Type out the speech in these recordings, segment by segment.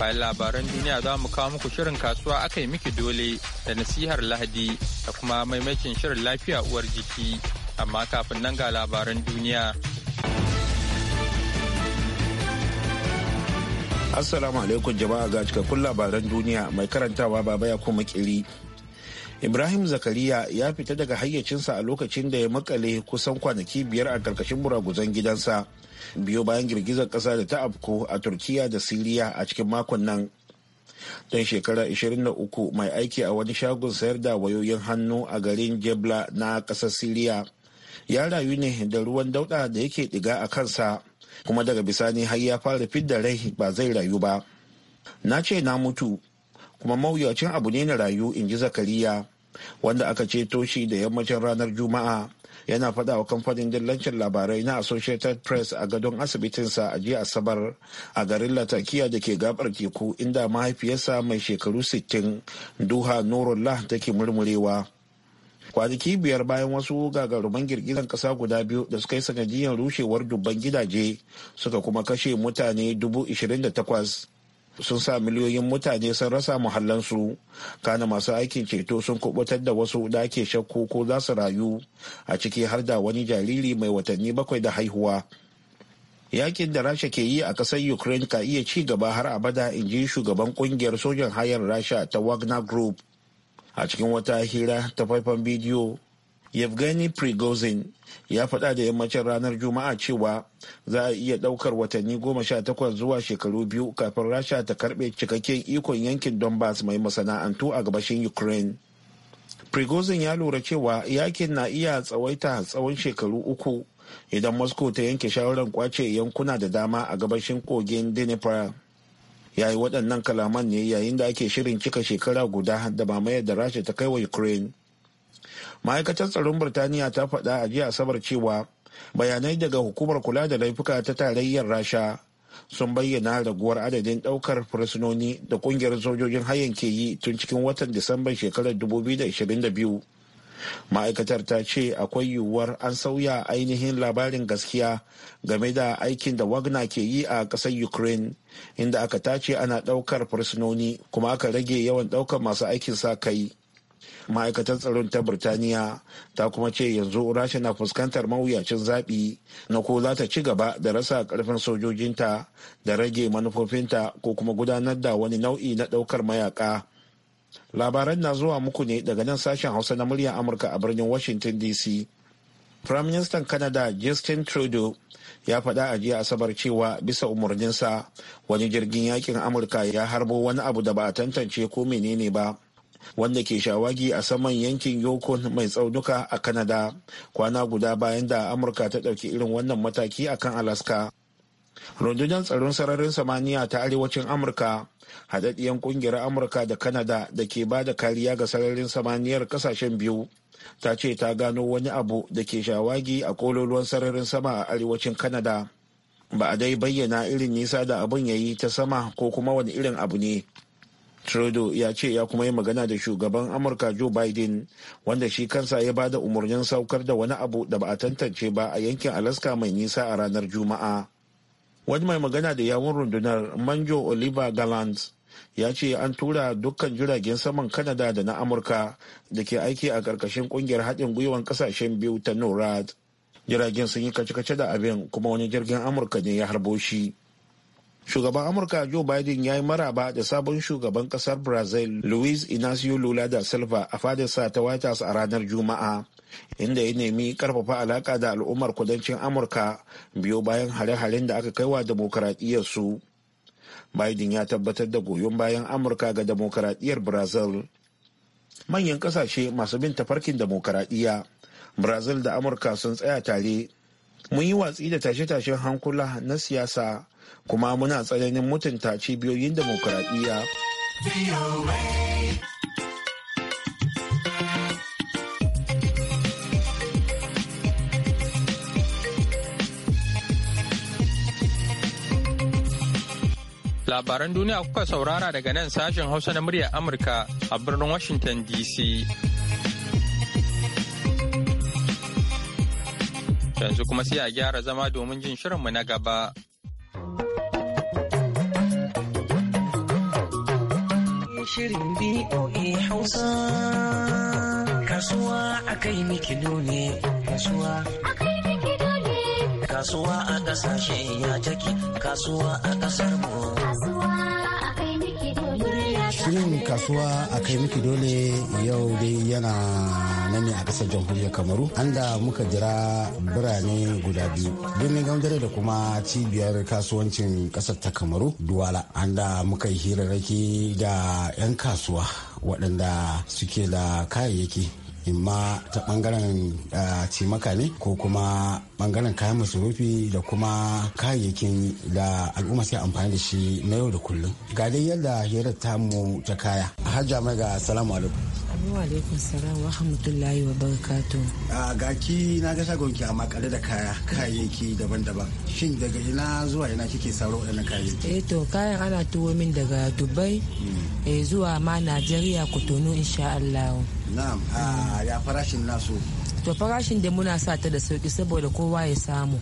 Bayan labaran duniya za mu kawo muku shirin kasuwa aka yi miki dole da nasihar Lahadi da kuma maimakin shirin lafiya uwar jiki. Amma kafin nan ga labaran duniya. Assalamu alaikum jama'a ga cikakkun labaran duniya mai karantawa baba ya kuma kiri. ibrahim zakariya ya fita daga hayyacinsa a lokacin da ya makale kusan kwanaki biyar a karkashin buraguzan gidansa biyo bayan girgizar ƙasa da ta afko a turkiya da siriya a cikin makon nan dan shekara 23 mai aiki a wani shagon sayar da wayoyin hannu a garin jebla na ƙasar siriya ya rayu ne da ruwan dauda da yake diga a kansa kuma daga bisani har ya fara fidda rai ba zai rayu ba na ce na mutu kuma mawuyacin abu ne na rayu in ji zakariya wanda aka ceto shi da yammacin ranar juma'a yana faɗa wa kamfanin dillancin labarai na associated press a gadon asibitinsa a jiya asabar a garin latakiya da ke gabar teku inda mahaifiyarsa mai shekaru 60 duha nurullah take murmurewa kwanaki biyar bayan wasu gagarumin girgizan kasa guda biyu da suka yi sanadiyar rushewar dubban gidaje suka kuma kashe mutane dubu ishirin da takwas sun sa miliyoyin mutane sun rasa muhallansu kana masu aikin ceto sun kubutar da wasu da ake shakku ko za su rayu a ciki har da wani jariri mai watanni bakwai da haihuwa yakin da rasha ke yi a ƙasar ukraine ka iya ci gaba har abada in ji shugaban kungiyar sojan hayar rasha ta wagner group a cikin wata hira ta faifan bidiyo Yevgeny Prigozhin ya faɗa da yammacin ranar Juma'a cewa za a iya ɗaukar watanni goma sha takwas zuwa shekaru biyu kafin Rasha ta karɓe cikakken ikon yankin Donbass mai masana'antu a gabashin Ukraine. Prigozhin ya lura cewa yakin na iya tsawaita tsawon shekaru uku idan Moscow ta yanke shawarar kwace yankuna da dama a gabashin kogin Dnipro. yayi yi waɗannan kalaman ne yayin da ake shirin cika shekara guda da mamayar da Rasha ta kai wa Ukraine. ma'aikatar tsaron birtaniya ta faɗa a jiya asabar cewa bayanai daga hukumar kula da laifuka ta tarayyar rasha sun bayyana raguwar adadin ɗaukar fursunoni da ƙungiyar sojojin hayan ke yi tun cikin watan disamban shekarar 2022 ma'aikatar ta ce akwai yiwuwar an sauya ainihin labarin gaskiya game da aikin da wagner ke yi a ƙasar ukraine inda aka tace ana ɗaukar fursunoni kuma aka rage yawan ɗaukar masu aikin sa kai ma'aikatar tsaron ta birtaniya ta kuma ce yanzu rasha na fuskantar mawuyacin zaɓi na ko za ta ci gaba da rasa karfin sojojinta da rage manufofinta ko kuma gudanar da wani nau'i na ɗaukar mayaka labaran na zuwa muku ne daga nan sashen hausa na muryar amurka a birnin washington dc prime minister canada justin trudeau ya faɗa a jiya asabar cewa bisa umarninsa wani jirgin yakin amurka ya harbo wani abu da ba a tantance ko menene ba wanda ke shawagi a saman yankin yokon mai tsaunuka a kanada kwana guda bayan da amurka ta ɗauki irin wannan mataki a kan alaska rundunar tsaron sararin samaniya ta arewacin amurka haɗaɗɗiyar ƙungiyar amurka da kanada da ke ba da kariya ga sararin samaniyar ƙasashen biyu ta ce ta gano wani abu da ke shawagi a kololuwan sararin sama a arewacin kanada ba a dai bayyana irin nisa da abun ya yi ta sama ko kuma wani irin abu ne Trudeau ya ce ya kuma yi magana da shugaban Amurka Joe Biden wanda shi kansa ya ba da umarnin saukar da wani abu da ba a tantance ba a yankin Alaska mai nisa a ranar Juma'a. Wani mai magana da yawun rundunar Manjo Oliver Gallant ya ce an tura dukkan jiragen saman kanada da na Amurka da ke aiki a ƙarƙashin ƙungiyar haɗin gwiwan ƙasashen biyu ta NORAD. Jiragen sun yi kace-kace da abin kuma wani jirgin Amurka ne ya harbo shi. shugaban amurka joe biden ya yi maraba da sabon shugaban kasar brazil luis inacio lula da silva a fadinsa ta white house a ranar juma'a inda ya nemi karfafa alaka da al'ummar kudancin amurka biyo bayan hare-haren da aka kai wa su biden ya tabbatar da goyon bayan amurka ga demokaradiyyar brazil manyan kasashe masu bin tafarkin demokaradiyya brazil da amurka sun tsaya tare mun yi watsi da tashe-tashen hankula na siyasa kuma muna tsananin mutunta cibiyoyin demokuraɗiyya. Labaran duniya kuka saurara daga nan sashen Hausa na muryar Amurka a birnin Washington DC. Yanzu kuma sai a gyara zama domin jin shirinmu na gaba. shirin BOA Hausa. Kasuwa a kai miki dole. kasuwa. Kasuwa a kasashe ya take, kasuwa a kasar mu. Kasuwa. Shirin kasuwa a kai miki dole yau dai yana nan ne a kasar jamhuriyar Kamaru. An da muka jira birane guda biyu. Birnin Gamdare da kuma cibiyar kasuwancin kasar ta Kamaru Duwala. An da muka yi hirarraki da 'yan kasuwa waɗanda suke da kayayyaki imma ta bangaren cimaka ne ko kuma bangaren kayan masarufi da kuma kayayyakin da al'umma sai amfani da shi na yau da kullum ga dai yadda hirar tamu ta kaya hajja mai ga salamu alaikum Wa alaikum salam wa rahmatullahi wa barakatuh. A gaki na ga shagon ki a makare da kaya kayayyaki daban-daban. Shin daga ina zuwa ina kike saro waɗannan kayayyaki? Eh to kayan ana tuwo min daga Dubai hmm. eh zuwa ma Najeriya Kotonu insha Allah. Na'am, ya farashin nasu. To farashin da muna sa ta da sauki saboda kowa ya samu.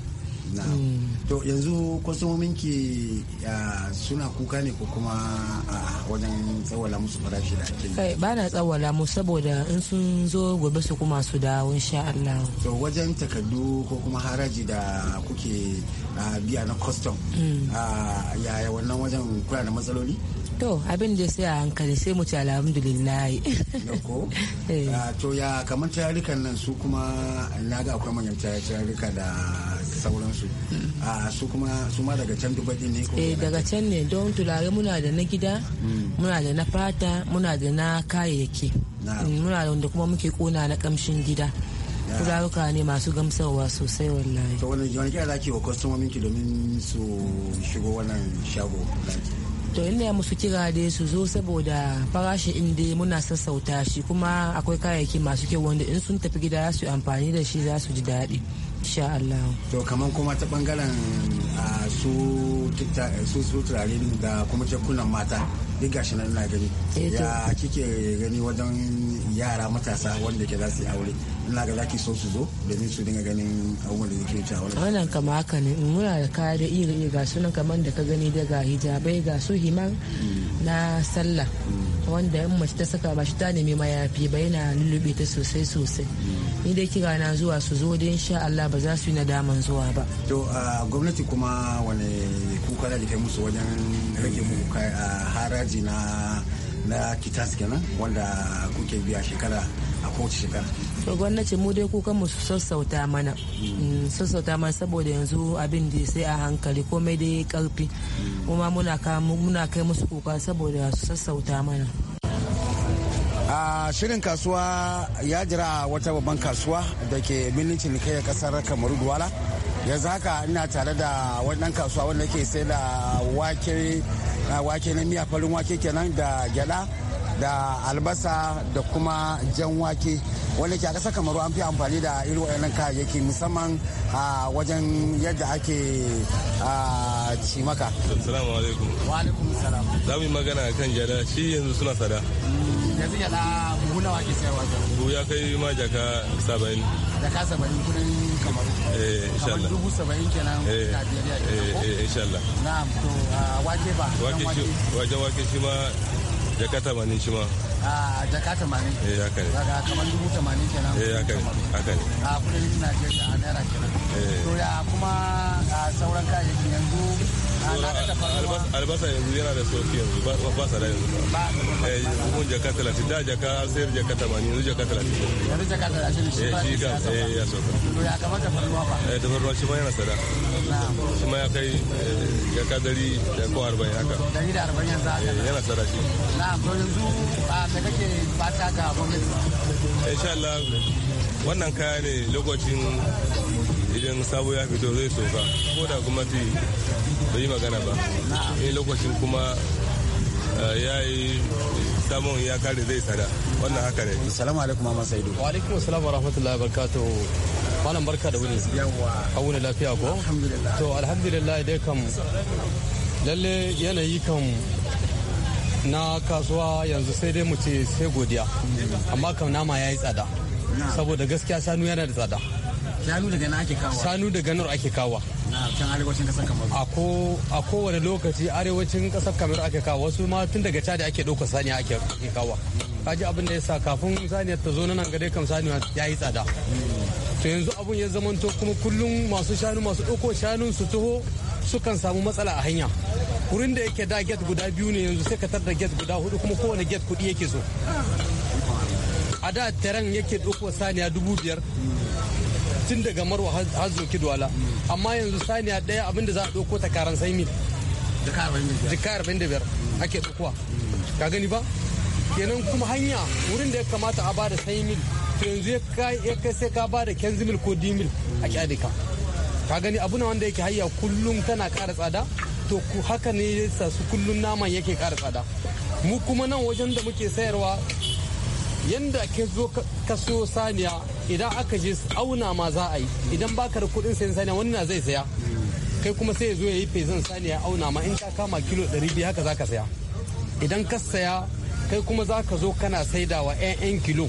to yanzu kwastomomin ke suna kuka ne ko kuma a wajen tsawala musu farashi da ake kai ba na tsawala mu saboda in sun zo gobe su kuma su dawo insha Allah to wajen takardu ko kuma haraji da kuke biya na custom mm. yaya wannan wajen kuna da matsaloli to abin da sai a hankali sai mu ci alhamdulillah eh. ah, to ya kamar tarikan nan su kuma na ga akwai manyan tarika da sauransu mm. a ah, su kuma su ma daga can dubaji ne ko eh daga can ne don tulare muna da na gida mm. muna da na fata muna da na kayayyaki mm, muna da wanda kuma muke kona na kamshin gida turaruka ne masu gamsarwa sosai wallahi to wannan jiwon kira zaki wa kwastomomin ki domin su shigo wannan shago to ina musu kira da su zo saboda farashin inda muna sassauta shi kuma akwai kayayyaki masu kyau wanda in sun tafi gida za su amfani da shi za su ji daɗi insha Allah to kaman kuma ta bangaren su su su turare da kuma jakunan mata duk gashi nan na gani eh, ya kike gani wajen yara matasa wanda ke za su yi aure ina ga zaki so su zo domin su dinga ganin abubuwan da ke wuce aure wannan kama haka ne muna da kaya da iri iri ga sunan kamar da ka gani daga hijabai ga su himar na sallah wanda yan mace ta saka ba shi ta nemi mayafi ba yana lullube ta sosai sosai ni dai kira na zuwa su zo da insha Allah ba za su yi daman zuwa ba to gwamnati kuma wani kuka da ke musu wajen rage muku haraji na na kitas kenan wanda kuke biya shekara a kowace shekara to gwamnati mu dai kuka mu sassauta mana mm, sassauta mana saboda yanzu abin da sai a hankali komai dai karfi kuma muna kai musu kuka saboda su sassauta mana a shirin kasuwa ya jira wata babban kasuwa da ke kai a kasar kamaru duwala yanzu haka ina tare da wannan kasuwa wanda ke sai da wake wake na miya farin wake kenan da gyada da albasa da kuma jan wake wanda ke a ƙasar kamaru an fi amfani da irin waɗannan kayayyaki musamman a wajen yadda ake cimaka. Salamu alaikum. Wa alaikum salam. Za mu yi magana kan jada shi yanzu suna sada. Mm, yanzu jada buhu nawa sayarwa ya kai ma jaka saba'in jaka saba'in kudin kamaru eh insha Allah dubu saba'in kenan eh eh, eh insha Allah na'am to ah, wake ba wake shi wake wake shi ma jaka tamanin shi ma a ah, jaka tamanin eh haka ne daga kamar dubu kenan eh haka ne haka ne a ah, kudin Najeriya a naira kenan eh. to ya kuma sauran kayayyakin yanzu albasa yanzu yana da sauki yanzu ba tsada yanzu ba eh jaka talatin da jaka sayar jaka tamanin yanzu jaka talatin yanzu jaka talatin shi ba eh, shi ya sauka eh, ya kamata ba eh, shi ma yana tsada shi ma ya kai jaka dari da ko arba'in haka dari da arba'in yanzu haka yana tsada shi na'am to yanzu me kake fata ga gwamnati insha Allah wannan kaya ne lokacin idan sabo ya fito zai soka ko da kuma ti bai yi magana ba in eh, lokacin kuma eh, ya yi samun ya kare zai sada wannan haka ne salamu alaikum mama sai wa alaikum assalam wa rahmatullahi wa barakatuhu malam barka da wuni a wuni lafiya ko to alhamdulillah dai kam lalle yanayi kan na kasuwa yanzu sai dai mu ce sai godiya amma kam nama ya yi tsada saboda gaskiya sanu yana da tsada Shanu daga nan ake kawo. Shanu daga nan ake kawo. A kowane lokaci arewacin kasar kamar ake kawo wasu ma tun daga Chad ake ɗauka saniya ake kawo. Kaji abin da ya sa kafin saniyar ta zo nan gare kam saniya ya yi tsada. To yanzu abun ya zamanto kuma kullum masu shanu masu ɗauko shanun su taho sukan samu matsala a hanya. Wurin da yake da get guda biyu ne yanzu sai ka tar da get guda hudu kuma kowane get kuɗi yake so. A da taren yake ɗauko saniya dubu biyar tun daga marwa har zo kidwala amma yanzu saniya daya abinda za a ɗauko ta karan sai mil jika 45 ake ɗaukowa ka gani ba kenan kuma hanya wurin da ya kamata a bada sai mil to yanzu ya kai sai ka bada kenzi mil ko di mil a kyadika ka ka gani abu na wanda yake hayya kullum tana ƙara tsada to haka ne sa su kullum naman yake ƙara tsada mu kuma nan wajen da muke sayarwa yanda ka zo ka siyo saniya idan aka je auna ma za a yi idan baka da kudin sayan saniya wani na zai saya kai kuma sai ya zo ya yi fezan saniya auna ma in ka kama kilo 200 haka za ka saya idan ka saya kai kuma za ka zo kana saidawa 'yan kilo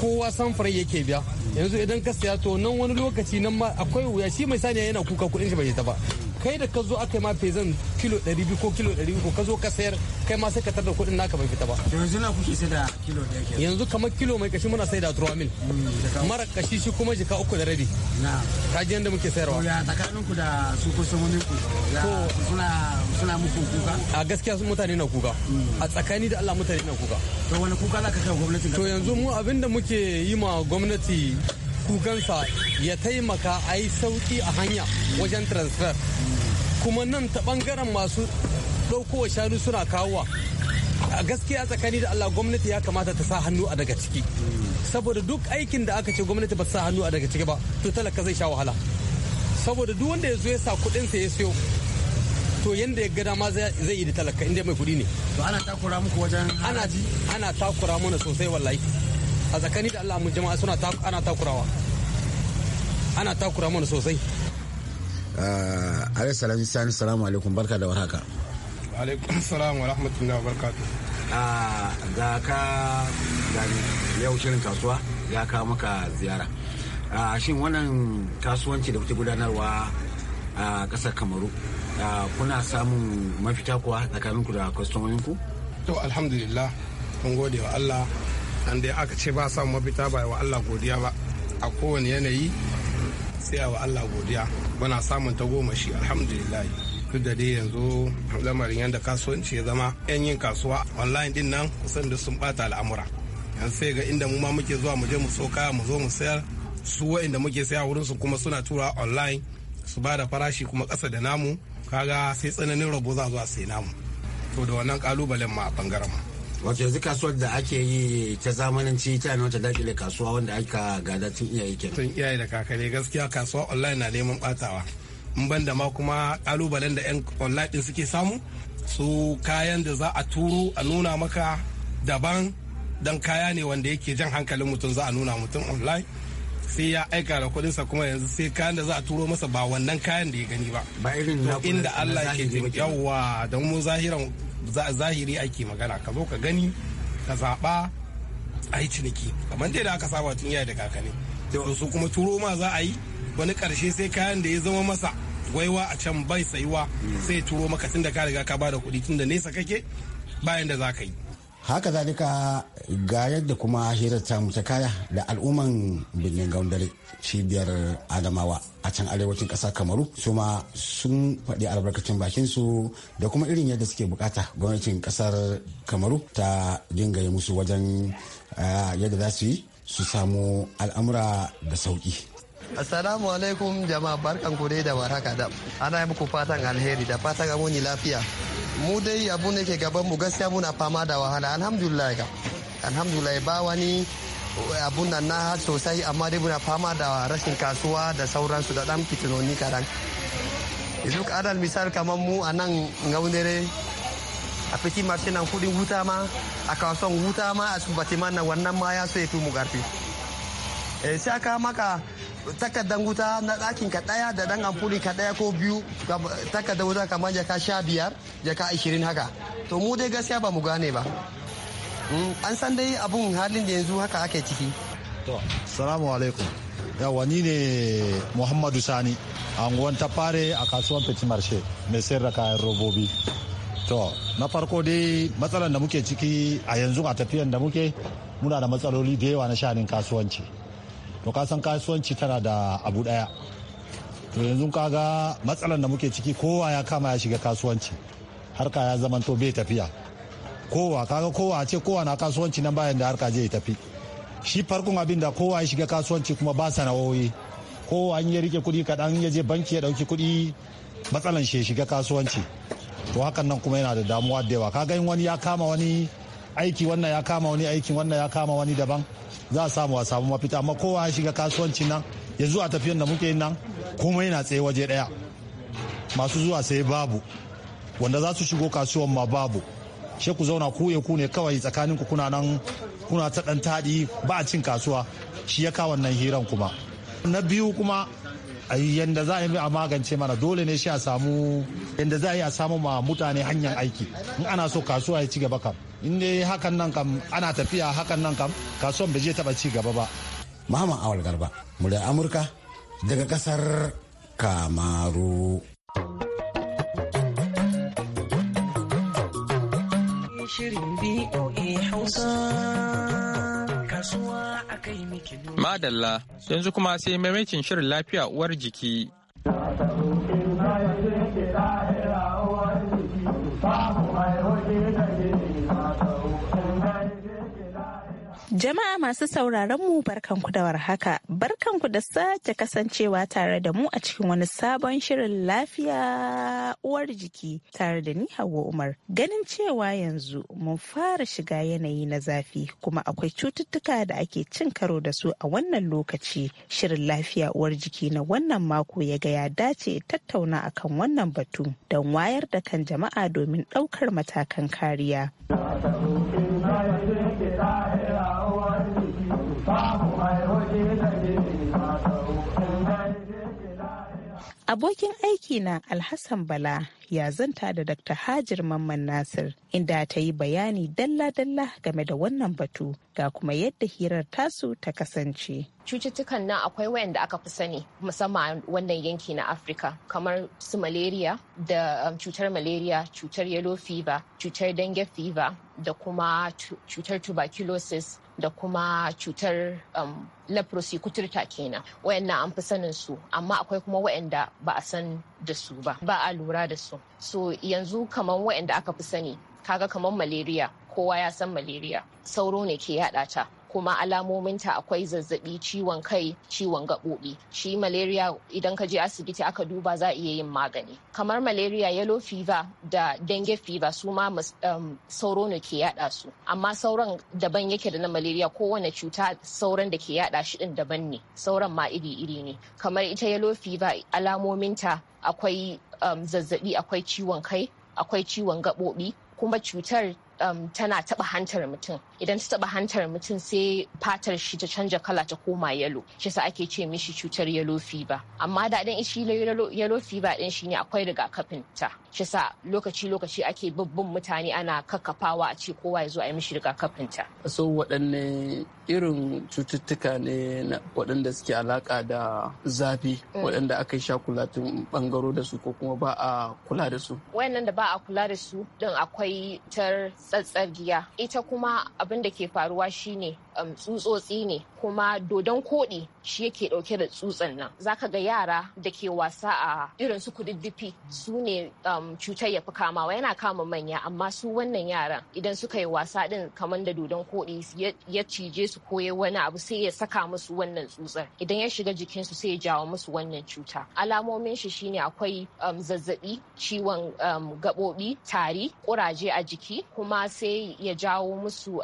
kowa samfarai yake biya yanzu idan ka saya to nan wani lokaci nan ma akwai wuya shi mai saniya yana kuka kudin shi bai ta ba kai da ka zo aka yi ma fezan kilo 200 ko kilo 300 ka zo ka sayar kai ma sai ka tarda kuɗin naka bai fita ba yanzu na kuke sai da kilo da yake yanzu kamar kilo mai kashi muna sai da turamil hmm, mara kashi shi kuma jika uku da rabi ka ji yadda muke sayarwa ya tsakanin ku da su ku suna suna muku kuka a gaskiya sun mutane na kuka hmm. a tsakani da Allah mutane na kuka to wani kuka za ka kai gwamnati to yanzu mu abinda muke yi ma gwamnati kukansa ya taimaka a yi sauki a hanya wajen transfer kuma nan ta bangaren masu ɗaukowa shanu suna kawowa a gaskiya tsakani da Allah gwamnati ya kamata ta sa hannu a daga ciki saboda duk aikin da aka ce gwamnati ba sa hannu a daga ciki ba to talaka zai sha wahala saboda duk wanda ya zo ya sa kuɗin sa ya siyo to yanda ya gada ma zai yi da talaka inda mai kuɗi ne to ana takura muku wajen ana takura mana sosai wallahi a tsakani da Allah mu jama'a suna ana takurawa ana takura mana sosai ah, alai salamu sani salamu alaikum barka da warhaka alaikum salamu wa barka wa barkatu ah, ga ka gani yau shirin kasuwa ya ka maka ziyara ah, shin wannan kasuwanci da kuke gudanarwa a kasar kamaru kuna samun mafita kuwa tsakaninku da kwastomoninku to alhamdulillah kun gode wa allah an dai aka ce ba samu mafita ba wa Allah godiya ba a kowane yanayi sai wa Allah godiya muna samun ta goma shi alhamdulillah duk da dai yanzu lamarin yadda kasuwanci ya zama yan yin kasuwa online din nan kusan da sun bata al'amura yanzu sai ga inda mu ma muke zuwa mu je mu so kaya mu zo mu sayar su wa'inda muke saya wurin su kuma suna tura online su ba da farashi kuma ƙasa da namu kaga sai tsananin rabo za zuwa sai namu to da wannan kalubalen ma a bangaren mu wato yanzu kasuwar da ake yi ta zamananci ta nan wata dakile kasuwa wanda aka gada tun iyaye kenan tun iyaye da kakare gaskiya kasuwa online na neman batawa in ban da ma kuma kalubalen da yan online din suke samu su kayan da za a turo a nuna maka daban dan kaya ne wanda yake jan hankalin mutum za a nuna mutum online sai ya aika da sa kuma yanzu sai kayan da za a turo masa ba wannan kayan da ya gani ba ba irin inda Allah ke yawa don mu zahiran zahiri ake magana ka zo ka gani ka zaɓa a yi ciniki kamar dai da aka saba tun yaya da kakanni da wasu kuma turo ma za a yi wani karshe sai kayan da ya zama masa gwaiwa a can bai sayuwa hmm. sai turo maka tun da ka riga ka bada kuɗi tun da nesa kake bayan da za ka yi haka zalika ga yadda kuma hirar ta mutu kaya da al'umman birnin gaundare cibiyar adamawa a can arewacin ƙasa kamaru su ma sun faɗi albarkacin bakin su da kuma irin yadda suke bukata gwamnatin ƙasar kamaru ta dinga yi musu wajen eh, yadda za su yi su samu al'amura da sauƙi Assalamu alaikum jama'a barkan ku dai da waraka da ana muku fatan alheri da fata ga muni lafiya. Mu dai abu ne ke gaban mu gaskiya muna fama da wahala alhamdulillah ga. Alhamdulillah ba wani abun nan na sosai amma dai muna fama da rashin kasuwa da sauransu da dan fitinoni karan. Yanzu adal misal kamar mu a nan ngaunere a fiti marshe nan kudin huta ma a kasuwan huta ma a subati nan wannan ma ya so ya fi mu karfi Eh, shaka maka takardar wuta na ɗakin ka ɗaya da ɗan amfuri ka ɗaya ko biyu takardar wuta kamar jaka sha biyar jaka ashirin haka to mu dai gaskiya ba mu gane ba mm, an san dai abun halin da yanzu haka ake ciki to salamu alaikum yawa ni ne muhammadu sani anguwan ta fare a kasuwan fiti she mai sayar da kayan robobi to na farko dai matsalar da muke ciki a yanzu a tafiyan da muke muna da matsaloli da yawa na shanin kasuwanci to ka san kasuwanci tana da abu daya to yanzu kaga matsalar da muke ciki kowa ya kama ya shiga kasuwanci harka ya to bai tafiya kowa kaga kowa ce kowa na kasuwanci nan bayan da harka zai tafi shi farkon abin da kowa ya shiga kasuwanci kuma ba sana'o'i kowa an ya rike kuɗi kaɗan ya je banki ya ɗauki kudi matsalan shi ya shiga kasuwanci to hakan nan kuma yana da damuwa da yawa kaga in wani ya kama wani aiki wannan ya kama wani aikin wannan ya kama wani daban za a samu a samu mafita amma kowa ya shiga kasuwanci nan ya zuwa tafiyan da muke nan komai yana tsaye waje daya masu zuwa sai babu wanda za su shigo kasuwan ma babu she ku zauna ku ya ku ne kawai tsakanin ku kuna nan kuna ta dan tadi ba a cin kasuwa shi ya kawo wannan hiran kuma na biyu kuma yanda za a yi a magance mana dole ne shi a samu yanda za a yi a samu ma mutane hanyar aiki in ana so kasuwa ya ci gaba kam in dai hakan nan kam ana tafiya hakan nan kam kasuwan bai je taba ci gaba ba Muhammad Awal Garba murya Amurka daga kasar Kamaru Madalla yanzu kuma sai maimakin shirin lafiya uwar jiki Jama'a masu sauraron mu barkanku da warhaka, barkanku da sake kasancewa tare da mu a cikin wani sabon shirin lafiya uwar jiki tare da ni Hauwa Umar. Ganin cewa yanzu mun fara shiga yanayi na zafi kuma akwai cututtuka da ake cin karo da su a wannan lokaci. Shirin lafiya uwar jiki na wannan mako ya ga ya dace tattauna akan wannan batu don wayar da kan jama'a domin ɗaukar matakan kariya. Abokin aiki na Alhassan Bala ya zanta da Dr. Hajir Mamman Nasir inda ta yi bayani dalla-dalla game da wannan batu ga kuma yadda hirar tasu ta kasance. Cututtukan nan akwai wayanda aka fi sani musamman wannan yanki na Afirka kamar su malaria da um, cutar malaria, cutar yellow fever, cutar dengue fever da kuma cutar tuberculosis da kuma cutar um, leprosy kuturta kenan wayannan an fi sanin su amma akwai kuma wayanda ba a san da su ba ba a lura da su so yanzu kamar wayanda aka fi sani kaga kamar malaria kowa ya san malaria sauro ne ke yaɗa ta kuma alamominta akwai zazzabi ciwon kai ciwon gaɓoɓi shi malaria idan ka je asibiti aka duba za a iya yin magani kamar malaria yellow fever da dengue fever su ma um, sauro ne ke yaɗa su amma sauran daban yake da na malaria kowane cuta sauran da ke yaɗa shi din daban ne sauran ma iri iri ne kamar ita yellow fever alamominta akwai um, zazzabi akwai ciwon kai akwai ciwon gaɓoɓi kuma cutar um, tana taba hantar mutum idan ta taba hantar mutum sai fatar shi ta canja kala ta koma yalo shi sa ake ce mishi cutar yalo fiba amma da dan shi yalo fiba din shine akwai rigakafin ta shi sa lokaci lokaci ake babban mutane ana kakkafawa a ce kowa ya zo a yi mishi rigakafin ta so waɗanne irin cututtuka ne waɗanda suke alaƙa da zafi mm. waɗanda aka yi tun ɓangaro da su ko kuma ba a kula da su. Wayannan da ba a kula da su din akwai tar tsatsar giya. Ita kuma abin da ke faruwa shine Um, tsutsotsi ne kuma dodon koɗi shi yake ɗauke da tsutsan nan zaka ga yara da ke wasa a irin su kududdufi su ne um, cutar ya fi kamawa yana kama manya amma su wannan yaran idan suka yi wasa ɗin kamar da dodon koɗi ya cije su ko ya wani abu sai ya saka musu wannan tsutsar idan ya shiga jikinsu sai ya jawo musu wannan cuta alamomin shi shine akwai um, zazzabi ciwon gaɓoɓi tari ƙuraje a jiki kuma sai ya jawo musu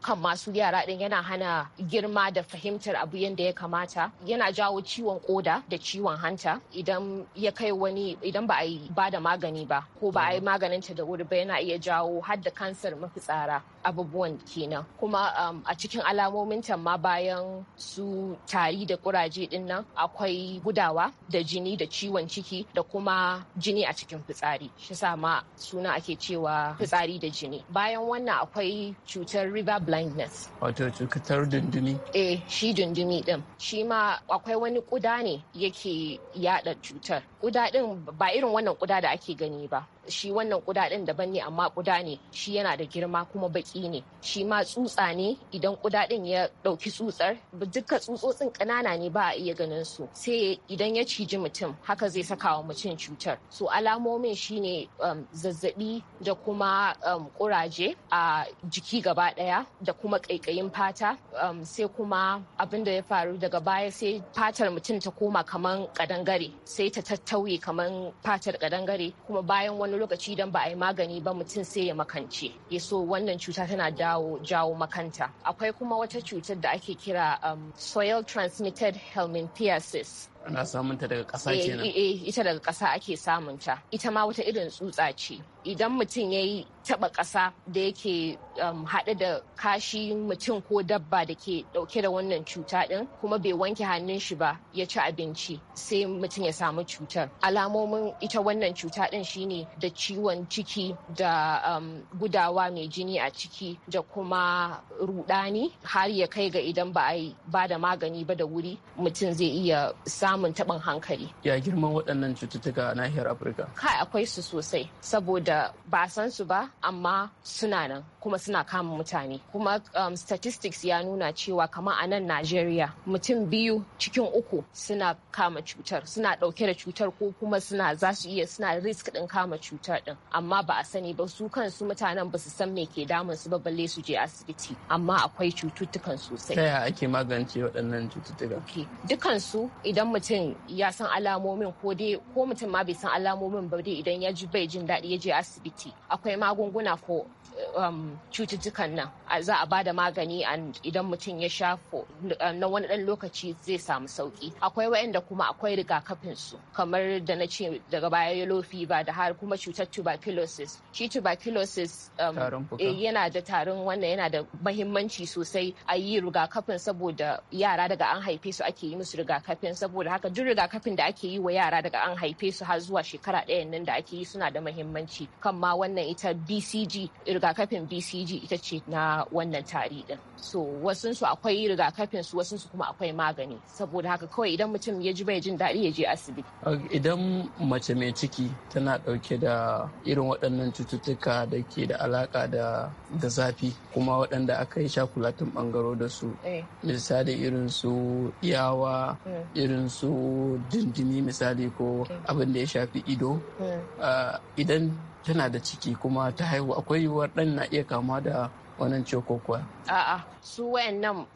kan masu yara ɗin din yana hana girma da fahimtar abu yadda ya kamata yana jawo ciwon koda da ciwon hanta idan ya kai wani idan ba a yi ba da magani ba ko ba a yi mm-hmm. maganinta da wuri ba yana iya jawo har da kansar mafitsara abubuwan kenan kuma um, a cikin alamominta ma bayan su tari da kuraje dinnan akwai gudawa da jini da ciwon ciki da kuma jini a cikin fitsari shi sa ma suna ake cewa fitsari da jini bayan wannan akwai cutar river blindness wato dakatar dundumi? Eh, shi dundumi din. Shi ma akwai wani kuda ne yake yada cutar. Kuda din ba irin wannan kuda da ake gani ba. shi wannan kudaden daban ne amma kuda ne shi yana da girma kuma baki ne shi ma tsutsa ne idan kudaden ya dauki tsutsar duka tsutsotsin kanana ne ba a iya ganin su sai idan ya ciji mutum haka zai saka wa mutum cutar so alamomin shine um, zazzabi da kuma um, kuraje a jiki gaba daya da kuma kaikayin fata um, sai kuma abin da ya faru daga baya sai fatar mutum ta koma kaman kadangare sai ta tattauye kaman fatar kadangare kuma bayan wani wani lokaci idan ba a yi magani ba mutum sai ya makance ya so wannan cuta tana dawo jawo makanta akwai kuma wata cutar da ake kira um, soil transmitted helminthiasis ana samun ta daga ƙasa eh, kenan eh, eh ita daga ƙasa ake samun ta ita ma wata irin tsutsa ce idan mutum ya yi taɓa ƙasa da yake um, haɗe da kashi mutum ko dabba da ke ɗauke da wannan cuta ɗin kuma bai wanke hannun shi ba ya ci abinci sai mutum ya samu cutar alamomin ita wannan cuta ɗin shine da ciwon ciki da um, gudawa mai jini a ciki da kuma rudani har ya kai ga idan ba a yi ba da magani ba da wuri mutum zai iya samun samun taɓin hankali. Ya girman waɗannan cututtuka a nahiyar Afirka? Kai akwai su sosai saboda ba san su ba amma suna nan kuma suna kama mutane kuma um, statistics ya nuna cewa kama a nan najeriya mutum biyu cikin uku suna kama cutar suna dauke da cutar ko kuma suna za su iya suna risk din kama cutar din amma ba a sani ba su kansu mutanen ba su san me ke damun su ba balle su je asibiti amma akwai cututtukan sosai ta ake magance waɗannan cututtuka okay. dukansu idan mutum ya san alamomin ko dai ko mutum ma bai san alamomin ba dai idan ya ji bai jin daɗi ya je asibiti akwai magunguna ko um, cututtukan nan za a bada magani idan mutum ya sha na wani dan lokaci zai samu sauki akwai waɗanda kuma akwai rigakafin su kamar da na ce daga baya yellow fever da har kuma cutar tuberculosis shi tuberculosis um, eh, yana da tarin wannan yana da mahimmanci sosai a yi rigakafin saboda yara daga an haife su ake yi musu rigakafin saboda haka duk rigakafin da ake yi wa yara daga an haife su har zuwa shekara ɗayan nan da ake yi suna da mahimmanci kan ma wannan ita bcg rigakafin bcg BCG ita ce na wannan tari din. So wasunsu akwai rigakafin su wasunsu kuma akwai magani. Saboda haka kawai idan mutum ya ji bai jin daɗi ya je asibiti. Idan mace mai ciki tana ɗauke da irin waɗannan cututtuka da ke da alaƙa da da zafi kuma waɗanda aka yi shakulatin ɓangaro da su. Eh. Misali irin su iyawa, hmm. irin su dindini misali ko hmm. abin da ya shafi ido. Hmm. Ah, idan tana da ciki kuma ta haihu akwai yiwuwar ɗan na iya kama da wannan ciwo ko kuwa. A'a su wayannan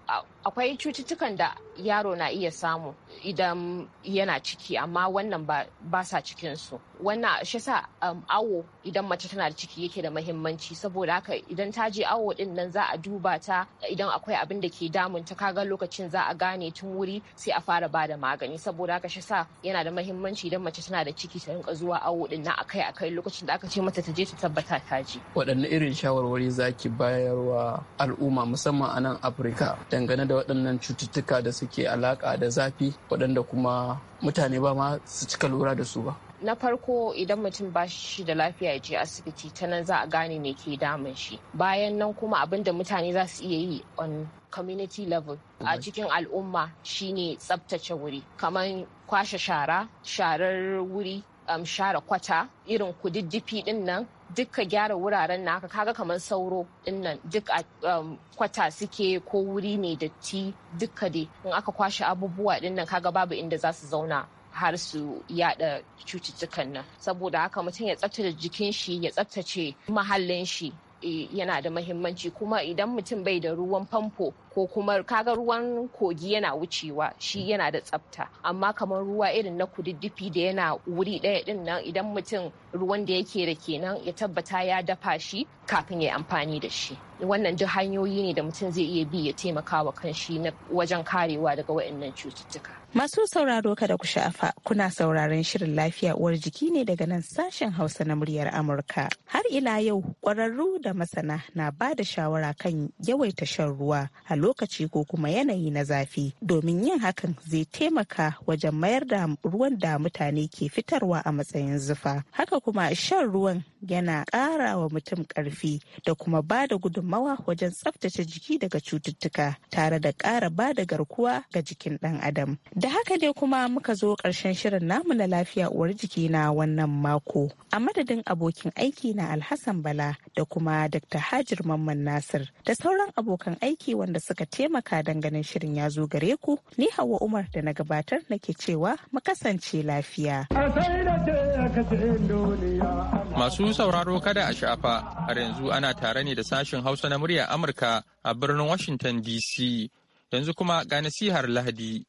akwai cututtukan da yaro na iya samu idan yana ciki amma wannan ba sa cikinsu wannan shi sa um, awo idan mace tana da ciki yake da mahimmanci saboda haka idan ta je awo din nan za a duba ta idan akwai abin da ke damun ta kaga lokacin za a gane tun wuri sai a fara ba da magani saboda haka shi sa yana da mahimmanci idan mace tana da ciki ta rinka zuwa awo din nan akai akai lokacin da aka ce mata ta je ta tabbata ta je waɗanne irin shawarwari zaki bayarwa al'umma musamman a nan afirka dangane da waɗannan cututtuka da suke alaƙa da zafi waɗanda kuma mutane ba ma su cika lura da su ba. na farko idan mutum ba shi da lafiya ya je asibiti ta nan za a gane me ke damun shi bayan nan kuma abin da mutane za su iya yi on community level a cikin al'umma shine tsabtace wuri kamar kwashe shara sharar wuri share kwata irin kududdufi din nan duk ka gyara wuraren naka kaga kamar sauro dinnan duk a um, kwata suke ko wuri mai datti dukka dai in aka kwashe abubuwa dinnan kaga babu inda za su zauna har su yada cututtukan nan saboda haka mutum ya tsaftace jikin shi ya tsaftace mahallin shi yana da mahimmanci kuma idan mutum bai da ruwan famfo ko kuma kaga ruwan kogi yana wucewa shi yana da tsafta amma kamar ruwa irin na kududdufi da yana wuri ɗaya ɗin nan idan mutum ruwan da yake da kenan ya tabbata ya dafa shi kafin ya amfani da shi wannan duk hanyoyi ne da mutum zai iya bi ya taimaka wa kanshi wajen karewa daga waɗannan cututtuka Masu sauraro kada ku sha'afa kuna sauraron shirin lafiya uwar jiki ne daga nan sashen Hausa na muryar Amurka. Har ila yau ƙwararru da masana na ba da shawara kan yawaita shan ruwa a lokaci ko kuma yanayi na zafi domin yin hakan zai taimaka wajen mayar da ruwan da mutane ke fitarwa a matsayin zufa. Haka kuma shan ruwan yana ƙara wa mutum ƙarfi da kuma ba da gudunmawa wajen tsaftace jiki daga cututtuka tare da ƙara ba da garkuwa ga jikin ɗan adam. Da haka ne kuma muka zo ƙarshen shirin namu na lafiya uwar jiki na wannan mako. A madadin abokin aiki na Alhassan Bala da kuma Dr. Hajir Mamman Nasir da sauran abokan aiki wanda suka taimaka ganin shirin ya zo gare ku ni Hauwa Umar da na gabatar nake cewa mu kasance lafiya. Masu sauraro kada a shafa, har yanzu ana tare ne da sashen Hausa na murya Amurka a birnin Washington DC. Yanzu kuma ga nasihar Lahadi.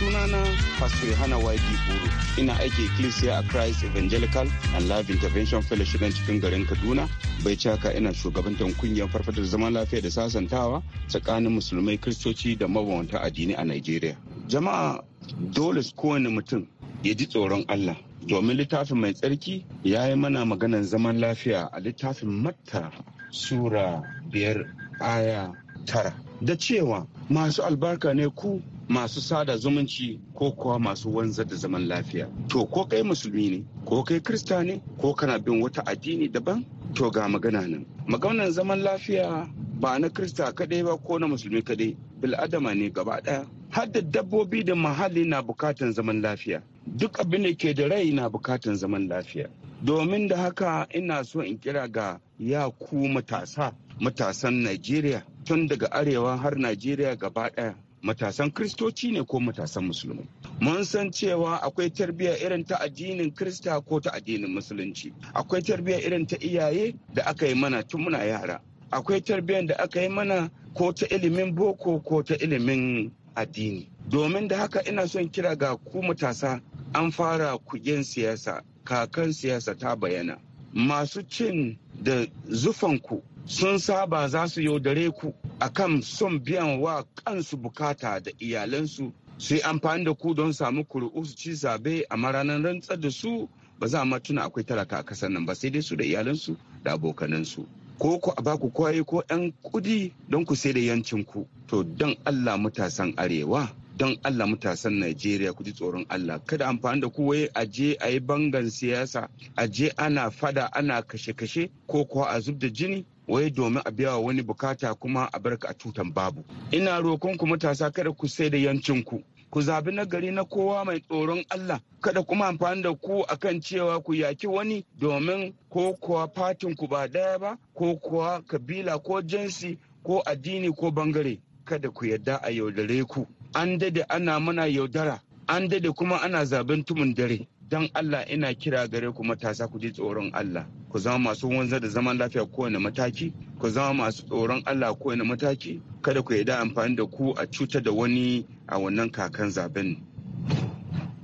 sunana pastor yohana yd buru ina aiki ecclesia a christ evangelical and life intervention fellowship cikin garin kaduna bai caka ina shugabantar kungiyar farfadar zaman lafiya da sasantawa tsakanin musulmai kristoci da mabawanta addini a nigeria jama'a dole su kowane mutum ya ji tsoron allah domin littafin mai tsarki ya yi mana maganar zaman lafiya a littafin matta sura biyar aya tara da cewa masu albarka ne ku masu sada zumunci ko kuwa masu wanzar da zaman lafiya to ko kai musulmi ne ko kai krista ne ko kana bin wata addini daban to ga magana nan maganar zaman lafiya ba na krista kadai ba ko na musulmi kadai bil'adama ne gaba daya Hadda dabbobi da muhalli na bukatan zaman lafiya duk abin da ke da rai na bukatan zaman lafiya domin da haka ina so in kira ga ya ku matasa matasan najeriya tun daga arewa har najeriya gaba ɗaya. matasan kristoci ne ko matasan musulmi mun san cewa akwai tarbiyya irin ta addinin krista ko ta addinin musulunci akwai tarbiyya irin ta iyaye da aka yi mana tun muna yara akwai tarbiyyar da aka yi mana ko ta ilimin boko ko ta ilimin addini domin da haka ina son kira ga ku matasa an fara kugen siyasa kakan siyasa ta bayana masu cin da zufanku sun saba za su yaudare ku akan son biyan wa kansu bukata da iyalansu su amfani da ku don samu kuri'u su ci zabe amma ranar rantsar da su ba za ma tuna akwai talaka a kasar nan ba sai dai su da iyalansu da abokanansu ko ku a baku kwaye ko yan kudi don ku sai da yancin ku to don allah matasan arewa don Allah matasan Najeriya ku ji tsoron Allah kada amfani da ku wai a je a yi bangan siyasa a je ana fada ana kashe-kashe ko kuwa a zub da jini wai domin a biya wani bukata kuma a barka a tutan babu ina rokon ku matasa kada ku sai da yancinku ku zabi na gari na kowa mai tsoron Allah kada kuma amfani da ku akan cewa ku yaki wani domin ko kuwa fatin ku ba daya ba ko kuwa kabila ko jinsi ko addini ko bangare kada ku yadda a yaudare ku an dade ana mana yaudara an dade kuma ana zaben tumun dare dan Allah ina kira gare ku matasa ku ji tsoron Allah ku zama masu wanzar da zaman lafiya kowane mataki ku zama masu tsoron allah kowane mataki kada ku yarda amfani da ku a cutar da wani a wannan kakan zaben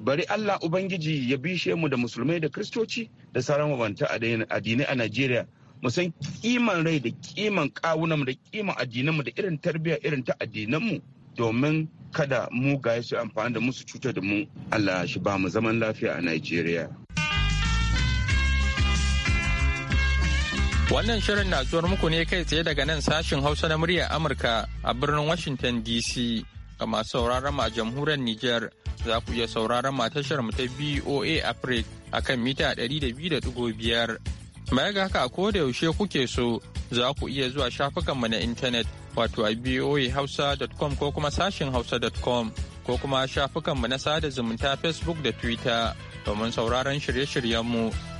bari allah ubangiji ya bishe mu da musulmai da kristoci da sauran mabanta addinai a najeriya mu san kiman rai da kiman kawunanmu da kiman mu da irin tarbiyya irin ta mu domin kada mugaye su amfani da musu cutar da mu allah shi ba mu zaman lafiya a najeriya Wannan shirin na zuwar muku ne kai tsaye daga nan sashin Hausa na muryar Amurka a birnin Washington DC. Ga masu sauraron mu a jamhuriyar Nijar za ku iya sauraron mu a tashar mu ta BOA Africa a kan mita 200.5. ma ga haka ko da yaushe kuke so za ku iya zuwa shafukan mu na intanet wato a boahausa.com ko kuma sashin hausa.com ko kuma shafukan mu na sada zumunta Facebook da Twitter domin sauraron shirye shiryenmu mu.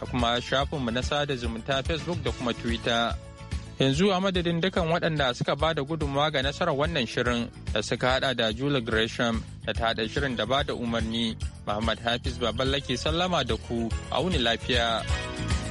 da kuma shafinmu na sada zumunta Facebook da kuma Twitter. Yanzu a madadin dukan waɗanda suka ba da gudunmawa ga nasarar wannan shirin da suka hada da Julie Gresham da ta hada shirin da ba da umarni, Muhammad Hafiz Baballake sallama da ku, a wuni lafiya.